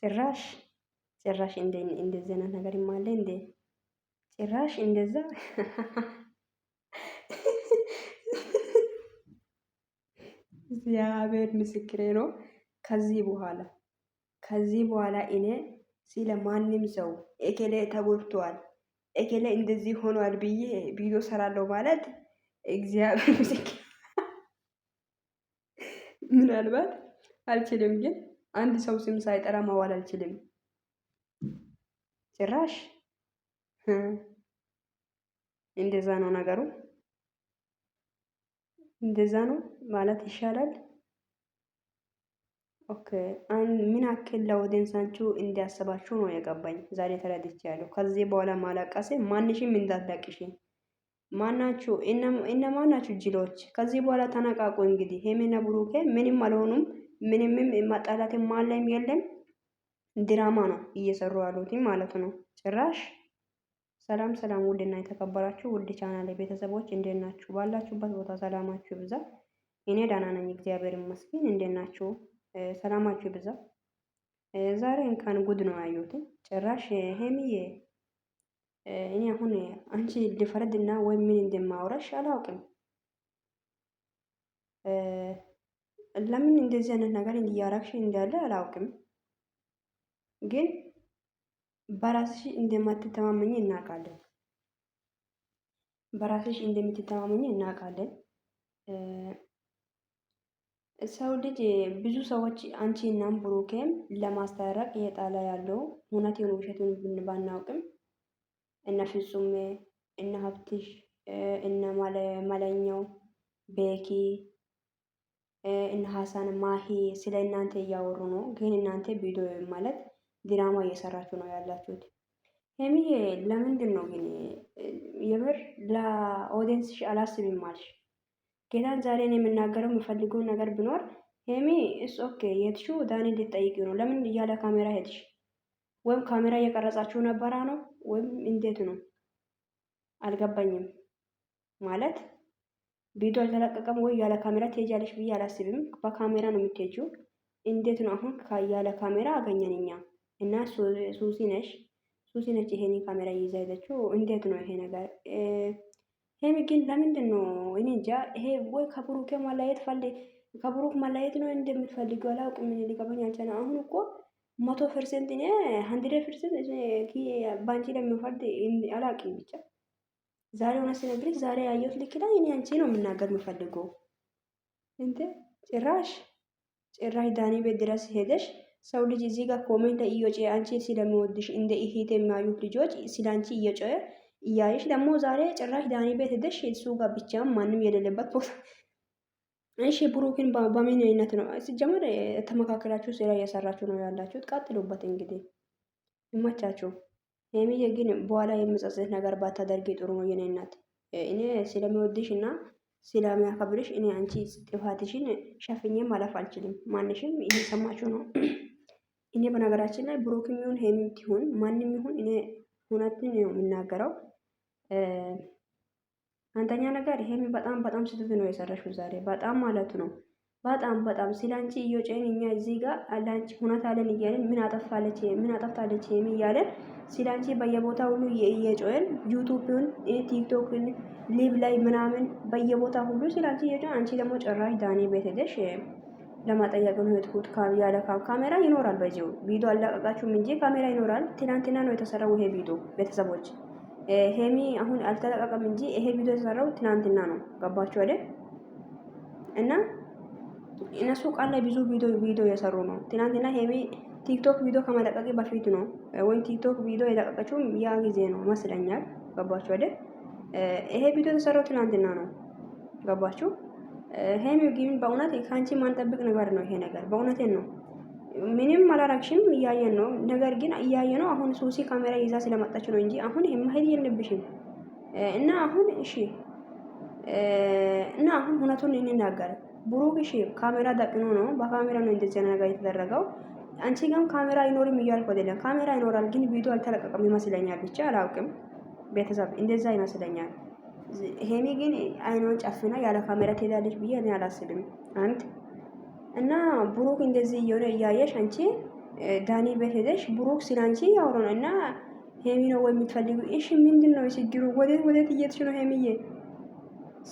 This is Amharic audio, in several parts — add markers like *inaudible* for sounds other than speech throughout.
ጭራሽ ጭራሽ እንደዚህ አይነት ነገር ይማለ እንዴ! ጭራሽ እንደዛ እግዚአብሔር ምስክሬ ነው። ከዚህ በኋላ ከዚህ በኋላ እኔ ስለ ማንም ሰው እከሌ ተጎድቷል፣ እከሌ እንደዚህ ሆኗል ብዬ ቪዲዮ ሰራለሁ ማለት እግዚአብሔር ምስክሬ ምናልባት አልችልም ግን አንድ ሰው ስም ሳይጠራ መዋል አልችልም። ጭራሽ እንደዛ ነው ነገሩ። እንደዛ ነው ማለት ይሻላል። ኦኬ ምን ያክል ለኦዲየንሳችሁ እንዲያስባችሁ ነው የገባኝ ዛሬ ያለው ከዚህ በኋላ ማላቀሴ ማንሽም እንዳትለቅሽ። ማናችሁ እነማናችሁ ጅሎች? ከዚህ በኋላ ተነቃቁ። እንግዲህ ሄሜና ብሩኬ ምንም አልሆኑም። ምንምም ማጣላት ማለም የለም። ድራማ ነው እየሰሩ ያሉት ማለት ነው ጭራሽ። ሰላም ሰላም፣ ውድና የተከበራችሁ ውድ ቻናል ቤተሰቦች እንዴት ናችሁ? ባላችሁበት ቦታ ሰላማችሁ ይብዛ። እኔ ደህና ነኝ እግዚአብሔር ይመስገን። እንዴት ናችሁ? ሰላማችሁ ይብዛ። ዛሬ እንኳን ጉድ ነው ያዩት። ጭራሽ ሄሚዬ እኔ አሁን አንቺ ልፈረድና ወይ ምን እንደማውራሽ አላውቅም። ለምን እንደዚህ አይነት ነገር እያረግሽ እንዳለ አላውቅም፣ ግን በራስሽ እንደማትተማመኝ እናውቃለን። በራስሽ እንደምትተማመኝ እናውቃለን። ሰው ልጅ ብዙ ሰዎች አንቺ እናም ብሩኬም ለማስታረቅ እየጣለ ያለው እውነት የሆነ ውሸቱን ብን ባናውቅም እነ ፍጹሜ እነ ሀብትሽ እነ መለኛው ቤኪ እነ ሀሳን ማሂ ስለ እናንተ እያወሩ ነው፣ ግን እናንተ ቪዲዮ ማለት ድራማ እየሰራችሁ ነው ያላችሁት። ሄሚ ለምንድን ነው ግን የምር ለኦዲየንስሽ አላስብም አልሽ? ጌታን ዛሬ ነው የምናገረው የምፈልገውን ነገር ብኖር ሄሚ እስ ኦኬ የትሹ ዳኒ እንድትጠይቂ ነው። ለምን እያለ ካሜራ ሄድሽ? ወይም ካሜራ እየቀረጻችሁ ነበራ ነው ወይም እንዴት ነው? አልገባኝም ማለት ቪዲዮ አልተለቀቀም ወይ ያለ ካሜራ ትሄጃለሽ ብዬ አላስብም። በካሜራ ነው የምትሄጂው። እንዴት ነው አሁን ያለ ካሜራ አገኘን እኛ እና ሱሲ ነሽ ሱሲ ነች ይሄን ካሜራ ይዛ ያለችው። እንዴት ነው ይሄ ነገር? ሄም ግን ለምንድን ነው እኔ እንጃ። ይሄ ወይ ከብሩክ ማላየት ፈል ከብሩክ ማላየት ነው እንደምትፈልጊው አላውቅም። ምን ሊገባኝ አልቻለ። አሁን እኮ መቶ ፐርሰንት እኔ ሀንድሬድ ፐርሰንት በአንቺ ለሚፈርድ አላውቅም ብቻ ዛሬ ሆነ ስነግርሽ ዛሬ ያየሁት ልክ ላይ እኔ አንቺ ነው የምናገር የምፈልገው። እንት ጭራሽ ጭራሽ ዳኒ ቤት ድረስ ሄደሽ ሰው ልጅ እዚህ ጋር ኮሜንት እየጮኸ አንቺ ስለምወድሽ እንደ እህቴ የሚያዩት ልጆች ስለ አንቺ እየጮኸ እያየሽ ደግሞ ዛሬ ጭራሽ ዳኒ ቤት ሄደሽ እሱ ጋር ብቻ ማንም የሌለበት ቦታ እሺ ብሩክን በምን አይነት ነው ሲጀመር ተመካከላችሁ ስራ እየሰራችሁ ነው ያላችሁት? ቀጥሉበት እንግዲህ ይመቻችሁ። ሀይሚዬ ግን በኋላ የምጸጸት ነገር ባታደርጊ ጥሩ ነው የኔ እናት። እኔ ስለምወድሽ እና ስለሚያከብርሽ እኔ አንቺ ጥፋትሽን ሸፍኜ ማለፍ አልችልም። ማንሽም እየሰማችሁ ነው። እኔ በነገራችን ላይ ብሩክም ይሁን ሀይሚም ትሁን ማንም ይሁን እኔ እውነትን ነው የምናገረው። አንተኛ ነገር ሀይሚ በጣም በጣም ስትት ነው የሰራሽው ዛሬ በጣም ማለቱ ነው። በጣም በጣም ስለ አንቺ እየጮህን እኛ እዚህ ጋር ለአንቺ ሁነት አለን እያለን ምን አጠፋለች ምን አጠፍታለች እያለን ስለ በየቦታ ሁሉ እየጮህን ዩቱብን፣ ቲክቶክን፣ ሊቭ ላይ ምናምን በየቦታ ሁሉ ስለ አንቺ አንቺ ደግሞ ጭራሽ ዳኔ ቤት ሄደሽ ለማጠየቅ ነው የሄድኩት። ያለ ካሜራ ይኖራል። በዚሁ ቪዲዮ አላቀቃችሁም እንጂ ካሜራ ይኖራል። ትናንትና ነው የተሰራው ይሄ ቪዲዮ ቤተሰቦች። ሄሚ አሁን አልተለቀቀም እንጂ ይሄ ቪዲዮ የተሰራው ትናንትና ነው። ገባችሁ አይደል? እና እነሱ ቃል ላይ ብዙ ቪዲዮ እየሰሩ ነው። ትናንትና ሄሚ ቲክቶክ ቪዲዮ ከመለቀቅ በፊት ነው ወይም ቲክቶክ ቪዲዮ የለቀቀችውም ያ ጊዜ ነው መስለኛል። ገባችሁ አይደል? ይሄ ቪዲዮ የተሰራው ትናንትና ነው። ገባችሁ? ሄሚ ግን በእውነት ከአንቺ ማንጠብቅ ነገር ነው ይሄ ነገር በእውነቴን ነው። ምንም አላረግሽም፣ እያየን ነው። ነገር ግን እያየ ነው። አሁን ሶሲ ካሜራ ይዛ ስለመጣች ነው እንጂ አሁን መሄድ የለብሽም እና አሁን እሺ እና አሁን እውነቱን እንናገር። ብሩክ እሺ ካሜራ ደቅኖ ነው፣ በካሜራ ነው እንደዚህ ነገር የተደረገው። አንቺ ግን ካሜራ አይኖርም እያልኩ አይደለም። ካሜራ ይኖራል፣ ግን ቪዲዮ አልተለቀቀም ይመስለኛል። ብቻ አላውቅም፣ ቤተሰብ እንደዛ ይመስለኛል። ሄሚ ግን አይኖን ጨፍና ያለ ካሜራ ትሄዳለች ብዬ እኔ አላስብም። አንድ እና ብሩክ እንደዚህ እየሆነ እያየሽ አንቺ ዳኒ ቤት ሄደሽ ብሩክ ስላንቺ ያወሩ ነው እና ሄሚ ነው ወይ የምትፈልጉ? እሺ ምንድን ነው ችግሩ? ወዴት ወዴት እየሄድሽ ነው ሄሚዬ?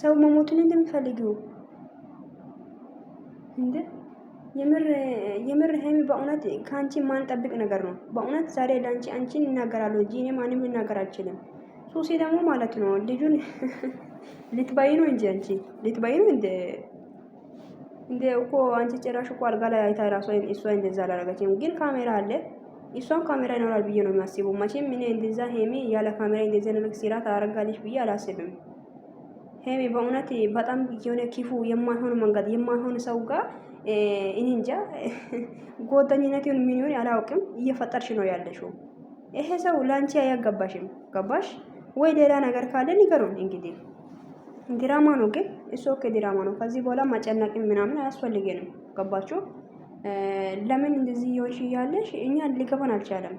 ሰው መሞቱን እንደምትፈልጊው እንደ የምር ሀይሚ በእውነት ከአንቺ ማንጠብቅ ነገር ነው። በእውነት ዛሬ ለአንቺ አንቺን እናገራለሁ እንጂ እኔ ማንም ልናገር አልችልም። ሱሴ ደግሞ ማለት ነው ልጁን *laughs* ልትባይ ነው እንጂ አንቺ ልትባይ ነው እንደ እንደ እኮ አንቺ ጭራሽ እኮ አልጋ ላይ አይታ ራሷ እሷ እንደዛ አላረገችም፣ ግን ካሜራ አለ። እሷም ካሜራ ይኖራል ብዬ ነው የሚያስበው። መቼም እኔ እንደዛ ሀይሚ ያለ ካሜራ እንደዛ ነገር ሲራት አረጋለች ብዬ አላስብም። ሄሚ በእውነት በጣም የሆነ ክፉ የማይሆን መንገድ የማይሆን ሰው ጋር እኔ እንጃ ጓደኝነት ይሁን ምን ይሁን አላውቅም፣ እየፈጠርሽ ነው ያለሽው። ይሄ ሰው ላንቺ አያገባሽም። ገባሽ ወይ? ሌላ ነገር ካለ ንገሩን። እንግዲህ ድራማ ነው ግን እሱ ኦኬ፣ ድራማ ነው። ከዚህ በኋላ ማጨናቅም ምናምን አያስፈልገንም። ገባችሁ? ለምን እንደዚህ ይሆንሽ እያለሽ እኛ ሊገባን አልቻለም።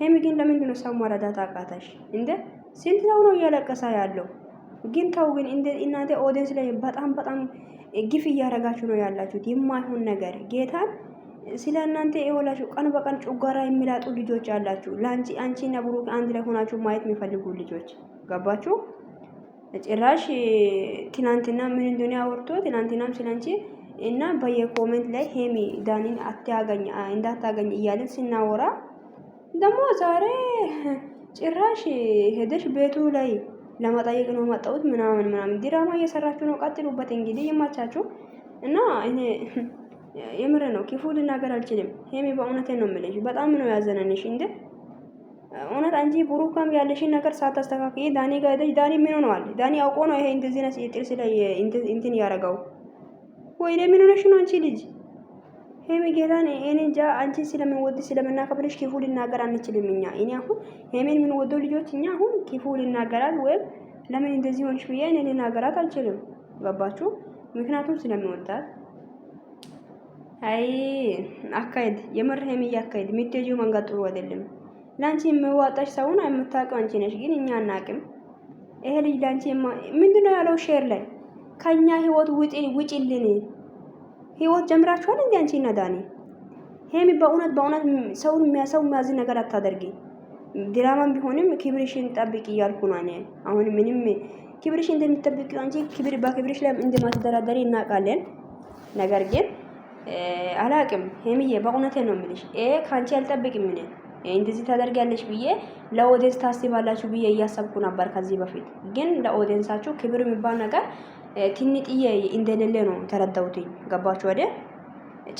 ሄሚ ግን ለምንድነው ሰው መረዳት አቃተሽ እንዴ? ስንት ነው እያለቀሰ ያለው ግን ተው ግን እናንተ ኦዲየንስ ላይ በጣም በጣም ግፍ እያደረጋችሁ ነው ያላችሁት፣ የማይሆን ነገር ጌታን ስለ እናንተ የሆላችሁ ቀን በቀን ጮጋራ የሚላጡ ልጆች አላችሁ። ለአንቺ እና ብሩክ አንድ ላይ ሆናችሁ ማየት የሚፈልጉ ልጆች ገባችሁ። ጭራሽ ትናንትና ምን እንደሆነ ያወርቶ ትናንትናም ስለአንቺ እና በየኮሜንት ላይ ሄሚ ዳኒን አትያገኝ እንዳታገኝ እያለን ስናወራ ደግሞ ዛሬ ጭራሽ ሄደሽ ቤቱ ላይ ለመጠየቅ ነው መጣሁት ምናምን ምናምን። ዲራማ እየሰራችሁ ነው፣ ቀጥሉበት እንግዲህ ይማቻችሁ እና እኔ የምር ነው ክፉ ልናገር አልችልም። ሄሚ በእውነቴን ነው የምልሽ፣ በጣም ነው ያዘነንሽ እንዴ እውነት አንቺ ብሩካም ያለሽን ነገር ሳታስተካክይ ዳኒ ጋር ሄደሽ ዳኒ ምን ሆነዋል? ዳኒ አውቆ ነው ይሄ እንደዚህ ነው ጥርስ ላይ እንትን ያረጋው ወይ? ለምን ሆነሽ ነው አንቺ ልጅ? ሄሚ ጌታን እኔ እንጃ አንቺ ስለምንወድ ስለምናከብርሽ ክፉ ልናገር አንችልም። እኛ እኔ አሁን ሄሜን የምንወደው ልጆች እኛ አሁን ክፉ ልናገራት ወይም ለምን እንደዚህ ሆንሽ ብዬ እኔ ልናገራት አልችልም። ገባችሁ? ምክንያቱም ስለምወዳት። አይ አካሄድ የምር ሄሚ አካሄድ የምትሄጂው መንገድ ጥሩ አይደለም። ለአንቺ የምዋጣሽ ሰውን የምታውቀው አንቺ ነሽ፣ ግን እኛ አናውቅም። ይሄ ልጅ ለአንቺ ምንድነው ያለው? ሼር ላይ ከእኛ ህይወት ውጪ ውጪልን ህይወት ጀምራችኋል እንዴ አንቺ እና ዳኒ? ሄሚ በእውነት በእውነት ሰውን የሚያሰው የሚያዝን ነገር አታደርጊ። ድራማም ቢሆንም ክብርሽን ጠብቂ እያልኩ ነው እኔ። አሁን ምንም ክብርሽ እንደሚጠብቂ አንቺ ክብር በክብርሽ ላይ እንደማትደራደሪ እናውቃለን። ነገር ግን አላቅም ሄሚዬ፣ በእውነቴ ነው የምልሽ። ኤ ካንቺ አልጠብቅም እኔ እንደዚህ ታደርጋለች ብዬ ለኦዲየንስ ታስባላችሁ ብዬ እያሰብኩ ነበር ከዚህ በፊት ግን ለኦዲየንሳችሁ ክብር የሚባል ነገር ትንጥዬ እንደሌለ ነው ተረዳሁትኝ። ገባችሁ ወደ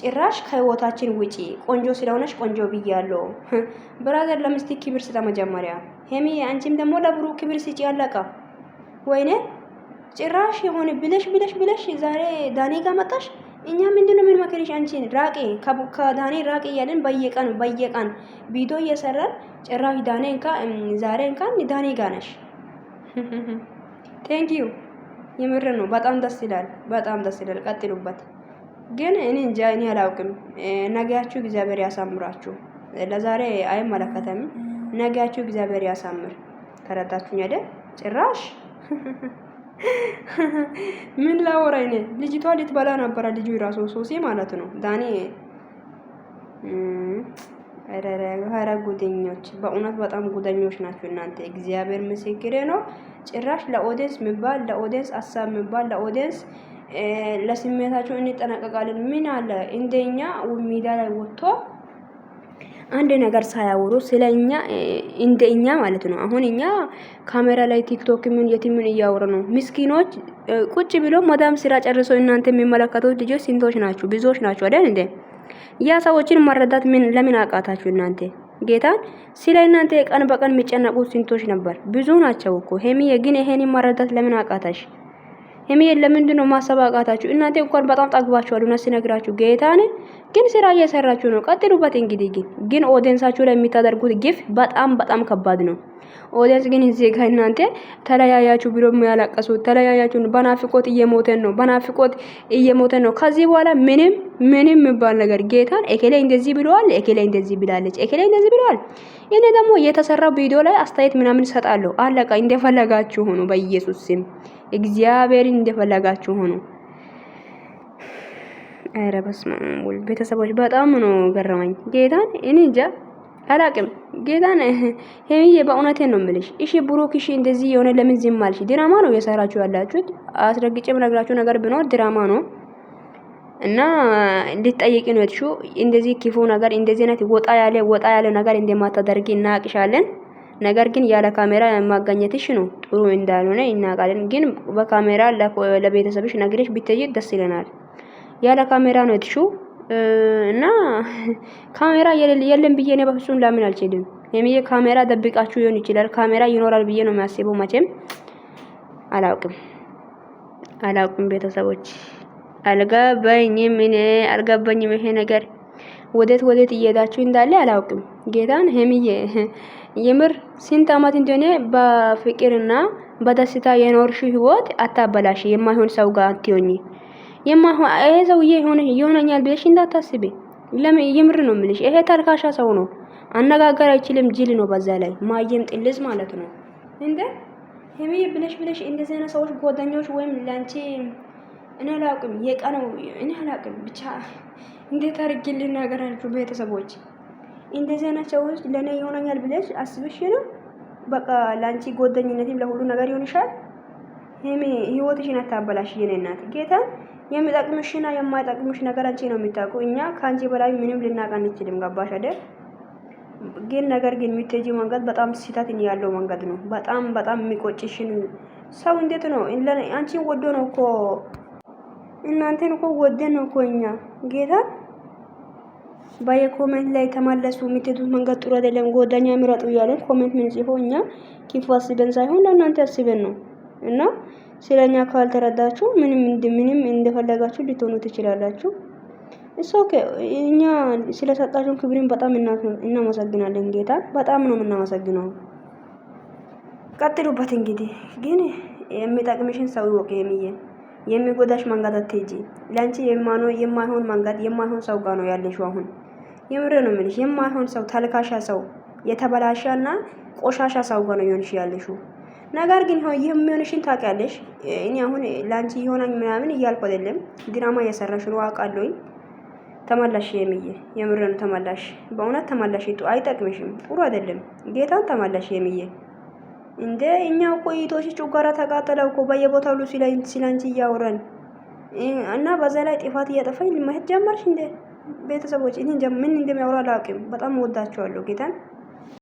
ጭራሽ ከህይወታችን ውጪ ቆንጆ ስለሆነች ቆንጆ ብያለሁ። *laughs* ብራዘር ለምስቲ ክብር ስጠ መጀመሪያ። ሄሚ አንቺም ደግሞ ለብሩ ክብር ስጪ። ያለቀ ወይኔ ጭራሽ የሆነ ብለሽ ብለሽ ብለሽ ዛሬ ዳኔ ጋር መጣሽ። እኛ ምንድን ነው የምንመክርሽ? አንቺን ራቂ ከዳኔ ራቄ እያለን በየቀን በየቀን ቪዲዮ እየሰራን ጭራሽ ዳኔ እንኳን ዛሬ እንኳን ዳኔ ጋር ነሽ። *laughs* ቴንክ ዩ የምር ነው። በጣም ደስ ይላል። በጣም ደስ ይላል። ቀጥሉበት። ግን እኔ እንጃ እኔ አላውቅም። ነገያችሁ እግዚአብሔር ያሳምራችሁ። ለዛሬ አይመለከተም። ነገያችሁ እግዚአብሔር ያሳምር። ተረዳችሁኝ አይደል? ጭራሽ *laughs* ምን ላወራ እኔ። ልጅቷ ልትበላ ነበረ። ልጁ ራሱ ሶሴ ማለት ነው ዳኒ ኧረ ጉደኞች፣ በእውነት በጣም ጉደኞች ናቸው እናንተ። እግዚአብሔር ምስክሬ ነው። ጭራሽ ለኦዲየንስ የሚባል ለኦዲየንስ አሳብ የሚባል ለኦዲየንስ ለስሜታቸው እንጠነቀቃለን። ምን አለ እንደኛ ሚዳ ላይ ወጥቶ አንድ ነገር ሳያወሩ ስለ እኛ እንደ እኛ ማለት ነው። አሁን እኛ ካሜራ ላይ ቲክቶክ ምን የትምን እያወሩ ነው። ምስኪኖች ቁጭ ብሎ መዳም ስራ ጨርሶ እናንተ የሚመለከቱት ልጆች ስንቶች ናችሁ? ብዙዎች ናችሁ አይደል እንዴ? ያ ሰዎችን መረዳት ምን ለምን አቃታችሁ እናንተ? ጌታን ስለ እናንተ ቀን በቀን የሚጨነቁ ስንቶች ነበር? ብዙ ናቸው እኮ ሄሚዬ። ግን ይሄን መረዳት ለምን አቃታሽ? ሄሚዬ ለምንድን ነው ማሰብ አቃታችሁ? እናንተ እንኳን በጣም ጠግባችኋል። እውነት ስነግራችሁ ጌታን ግን ስራ እየሰራችሁ ነው፣ ቀጥሉበት። እንግዲህ ግን ግን ኦዲየንሳችሁ ላይ የሚታደርጉት ግፍ በጣም በጣም ከባድ ነው። ኦዲየንስ ግን እዚህ እናንተ ተለያያችሁ ብሎ የሚያለቀሱት ተለያያችሁ፣ በናፍቆት እየሞተን ነው፣ በናፍቆት እየሞተን ነው። ከዚህ በኋላ ምንም ምንም የሚባል ነገር ጌታን ኤኬሌ እንደዚህ ብለዋል፣ ኤኬላ እንደዚህ ብላለች፣ ኤኬሌ እንደዚህ ብለዋል። እኔ ደግሞ የተሰራው ቪዲዮ ላይ አስተያየት ምናምን ሰጣለሁ አለቃ እንደፈለጋችሁ ሆኑ፣ በኢየሱስ ስም እግዚአብሔርን እንደፈለጋችሁ ሆኑ። ኧረ በስመ አብ ወልድ ቤተሰቦች በጣም ነው ገረመኝ። ጌታን እኔ እንጃ አላቅም። ጌታን ሄሚዬ በእውነቴን ነው የምልሽ። እሺ ብሩክ፣ እሺ እንደዚህ የሆነ ለምን ዝም አልሽ? ድራማ ነው እየሰራችሁ ያላችሁት። አስረግጬ የምነግራችሁ ነገር ቢኖር ድራማ ነው እና እንድትጠይቂ ነው የትሹ እንደዚህ ክፉ ነገር እንደዚህ አይነት ወጣ ያለ ወጣ ያለ ነገር እንደማታደርጊ እናቅሻለን። ነገር ግን ያለ ካሜራ ማጋኘትሽ ነው ጥሩ እንዳልሆነ እናውቃለን። ግን በካሜራ ለቤተሰብሽ ነግረሽ ብትይ ደስ ይለናል። ያለ ካሜራ ነው የትሽው እና ካሜራ የለም ብዬ እኔ በፍጹም ላምን አልችልም። የሚዬ ካሜራ ደብቃችሁ ሊሆን ይችላል። ካሜራ ይኖራል ብዬ ነው የሚያስበው። መቼም አላውቅም አላውቅም። ቤተሰቦች አልገባኝም፣ እኔ አልገባኝም። ይሄ ነገር ወዴት ወዴት እየሄዳችሁ እንዳለ አላውቅም። ጌታን ሄሚዬ የምር ስንት አመት እንደሆነ በፍቅርና በደስታ የኖርሽ ህይወት አታበላሽ። የማይሆን ሰው ጋር አትሆኚ። የማይሆን ይሄ ሰውዬ ይሆነኛል ብለሽ እንዳታስቢ። ለምን የምር ነው የምልሽ። ይሄ ተልካሻ ሰው ነው፣ አነጋገር አይችልም፣ ጅል ነው። በዛ ላይ ማየም ጥልዝ ማለት ነው እንዴ ሄሚ ብለሽ ብለሽ እንደዚህ አይነት ሰዎች ጓደኞች ወይም ላንቺ እኔ አላውቅም፣ የቀነው እኔ አላውቅም። ብቻ እንዴት አድርጌ ልናገር አልኩ። ቤተሰቦች እንደዚህ አይነት ሰዎች ለእኔ ይሆነኛል ብለሽ አስብሽ ነው። በቃ ላንቺ ጓደኝነትም ለሁሉ ነገር ይሆንሻል። ሄሚ ህይወትሽን አታበላሽ የኔ እናት ጌታ የሚጠቅምሽና የማይጠቅምሽ ነገር አንቺ ነው የሚታውቁ። እኛ ከአንቺ በላይ ምንም ልናውቅ አንችልም። ገባሽ አይደል? ግን ነገር ግን የሚትጂ መንገድ በጣም ስህተት ያለው መንገድ ነው። በጣም በጣም የሚቆጭሽን ሰው እንዴት ነው አንቺን ወዶ ነው እኮ እናንተን እኮ ወደን ነው እኮ እኛ ጌታ በየኮሜንት ላይ ተመለሱ። የምትሄዱት መንገድ ጥሩ አይደለም፣ ጎዳኛ ምረጡ እያለን ኮሜንት ምን ጽፎ እኛ ክፉ አስበን ሳይሆን ለእናንተ አስበን ነው። እና ስለኛ ካልተረዳችሁ ምንም እንደ ምንም እንደፈለጋችሁ ልትሆኑ ትችላላችሁ። እሱ ኦኬ። እኛ ስለሰጣችሁን ክብሪን በጣም እናመሰግናለን። ጌታ በጣም ነው የምናመሰግነው። ቀጥሉበት። እንግዲህ ግን የሚጠቅምሽን ሰው ይወቅ። የሚየ የሚጎዳሽ መንገድ አትሄጂ። ለአንቺ የማኖ የማይሆን መንገድ የማይሆን ሰው ጋር ነው ያለሽው። አሁን የምር ነው የምልሽ። የማይሆን ሰው፣ ተልካሻ ሰው፣ የተበላሻና ቆሻሻ ሰው ጋር ነው ይሆንሽ ያለሽው። ነገር ግን ሆ የሚሆንሽን ታውቂያለሽ። እኔ አሁን ለአንቺ የሆናኝ ምናምን እያልኩ አይደለም። ድራማ እየሰራሽ ነው አውቃለሁኝ። ተመላሽ የሚዬ የምረኑ ተመላሽ፣ በእውነት ተመላሽ። አይጠቅምሽም፣ ጥሩ አይደለም። ጌታን ተመላሽ የሚዬ እንደ እኛ እኮ ይቶሽ ጩጋራ ተቃጠለው እኮ በየቦታው ሁሉ ሲላንቺ እያወራን እና በዛ ላይ ጥፋት እያጠፋኝ መሄድ ጀመርሽ። እንደ ቤተሰቦች እኔ ምን እንደሚያወራ አላውቅም። በጣም ወዳቸዋለሁ ጌታን